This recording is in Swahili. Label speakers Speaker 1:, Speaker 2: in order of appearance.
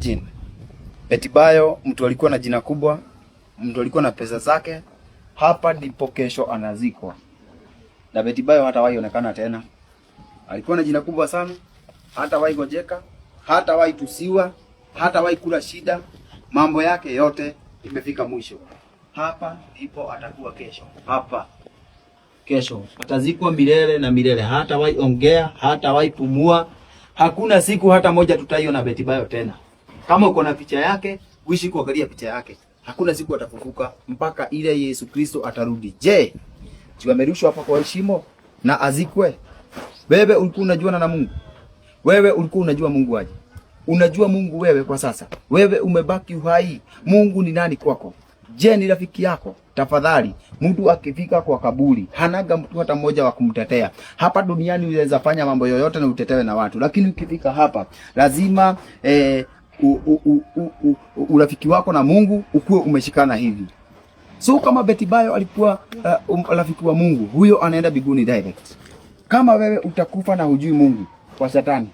Speaker 1: jina. Eti bayo mtu alikuwa na jina kubwa, mtu alikuwa na pesa zake. Hapa ndipo kesho anazikwa, na bayo hata hatawahi onekana tena. Alikuwa na jina kubwa sana, hata hatawahi gojeka, hatawahi tusiwa, hata hatawahi kula shida. Mambo yake yote imefika mwisho. Hapa ndipo atakuwa kesho, hapa kesho atazikwa milele na milele. hata Hatawahi ongea, hata hatawahi pumua. Hakuna siku hata moja tutaiona Bayo tena. Kama uko na picha yake, uishi kuangalia picha yake. Hakuna siku atafufuka mpaka ile Yesu Kristo atarudi. Je, juu amerushwa hapa kwa heshima na azikwe? Wewe ulikuwa unajuana na Mungu? Wewe ulikuwa unajua Mungu aje? Unajua Mungu wewe kwa sasa? Wewe umebaki uhai. Mungu ni nani kwako? Je, ni rafiki yako? Tafadhali, mtu akifika kwa kaburi hanaga mtu hata mmoja wa kumtetea. Hapa duniani unaweza fanya mambo yoyote na utetewe na watu, lakini ukifika hapa lazima eh, urafiki wako na Mungu ukuwe umeshikana hivi. So kama bayo alikuwa uh, um, rafiki wa Mungu, huyo anaenda biguni direct. Kama wewe utakufa na hujui Mungu, kwa Shetani.